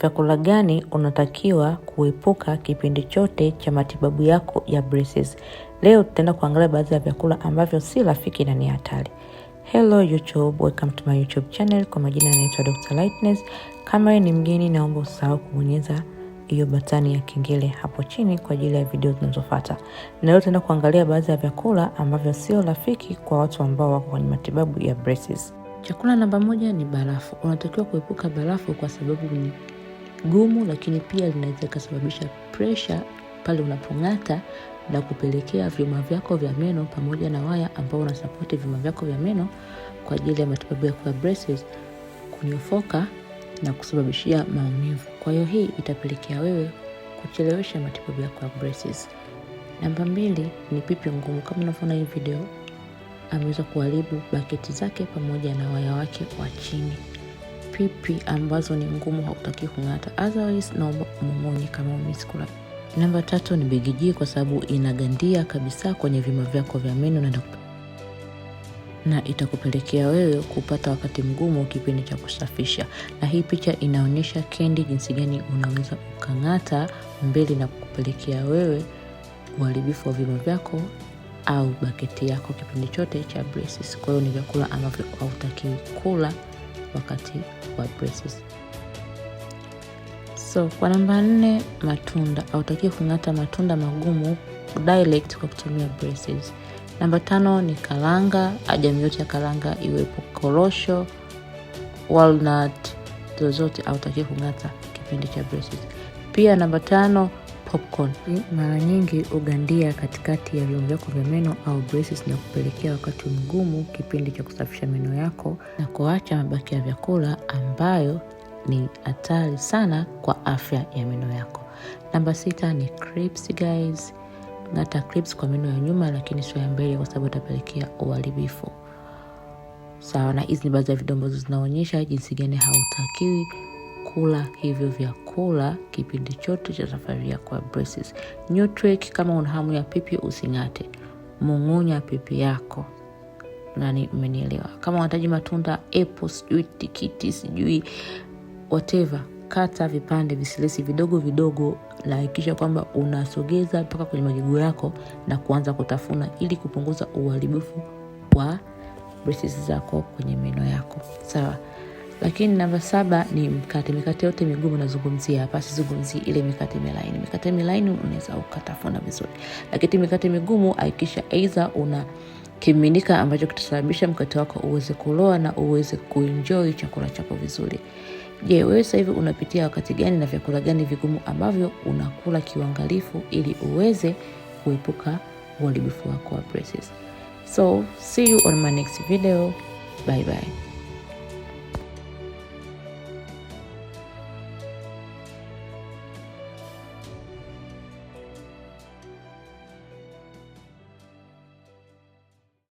Vyakula gani unatakiwa kuepuka kipindi chote cha matibabu yako ya braces? Leo tutaenda kuangalia baadhi ya vyakula ambavyo si rafiki na ni hatari. Hello YouTube, welcome to my YouTube channel. Kwa majina yanaitwa Dr. Lightness. Kama ni mgeni, naomba usahau kubonyeza hiyo batani ya kengele hapo chini kwa ajili ya video zinazofata Na leo tutaenda kuangalia baadhi ya vyakula ambavyo sio rafiki kwa watu ambao wako kwenye matibabu ya braces. Chakula namba moja ni barafu. Unatakiwa kuepuka barafu kwa sababu ni gumu, lakini pia linaweza ikasababisha presha pale unapong'ata na kupelekea vyuma vyako vya meno pamoja na waya ambao unasapoti vyuma vyako vya meno kwa ajili ya matibabu yako ya braces kunyofoka na kusababishia maumivu. Kwa hiyo hii itapelekea wewe kuchelewesha matibabu yako ya braces. Namba mbili ni pipi ngumu. Kama unavyoona hii video, ameweza kuharibu baketi zake pamoja na waya wake wa chini fupi ambazo ni ngumu, hautaki kung'ata, otherwise naomba umomonye kama umesikula. Namba tatu ni begijii, kwa sababu inagandia kabisa kwenye vima vyako vya meno na na itakupelekea wewe kupata wakati mgumu kipindi cha kusafisha. Na hii picha inaonyesha kendi jinsi gani unaweza ukang'ata mbele na kupelekea wewe uharibifu wa vima vyako au baketi yako kipindi chote cha braces. Kwa hiyo ni vyakula ambavyo hautakiwi kula wakati wa braces. So kwa namba nne, matunda. Hautakiwi kung'ata matunda magumu direct kwa kutumia braces. Namba tano ni karanga, jamii yote ya karanga iwepo korosho, walnut zozote hautakiwi kung'ata kipindi cha braces. Pia namba tano popcorn. Hmm, mara nyingi ugandia katikati ya viungo vyako vya meno au braces na kupelekea wakati mgumu kipindi cha kusafisha meno yako na kuacha mabaki ya vyakula ambayo ni hatari sana kwa afya ya meno yako. Namba sita ni crisps guys. Ng'ata crisps kwa meno ya nyuma lakini sio ya mbele kwa sababu itapelekea uharibifu. Sawa, na hizi ni baadhi ya video zinaonyesha jinsi gani hautakiwi kula hivyo vyakula kipindi chote cha safari yako ya braces. kama una hamu ya pipi using'ate, mung'unya pipi yako nani, umenielewa Kama unahitaji matunda apple, sijui tikiti, sijui whatever, kata vipande visilesi vidogo vidogo, na kwamba unasogeza mpaka kwenye majigo yako na kuanza kutafuna ili kupunguza uharibifu wa braces zako kwenye meno yako, sawa. Lakini namba saba ni mkate. Mikate yote migumu nazungumzia hapa, sizungumzi ile mikate milaini. Mikate milaini unaweza ukatafuna vizuri, lakini mikate migumu hakikisha eidha una kiminika ambacho kitasababisha mkate wako uweze kuloa na uweze kuenjoy chakula chako vizuri. Je, wewe sasa hivi unapitia wakati gani na vyakula gani vigumu ambavyo unakula kiuangalifu ili uweze kuepuka uharibifu wako wa So see you on my next video. Bye bye.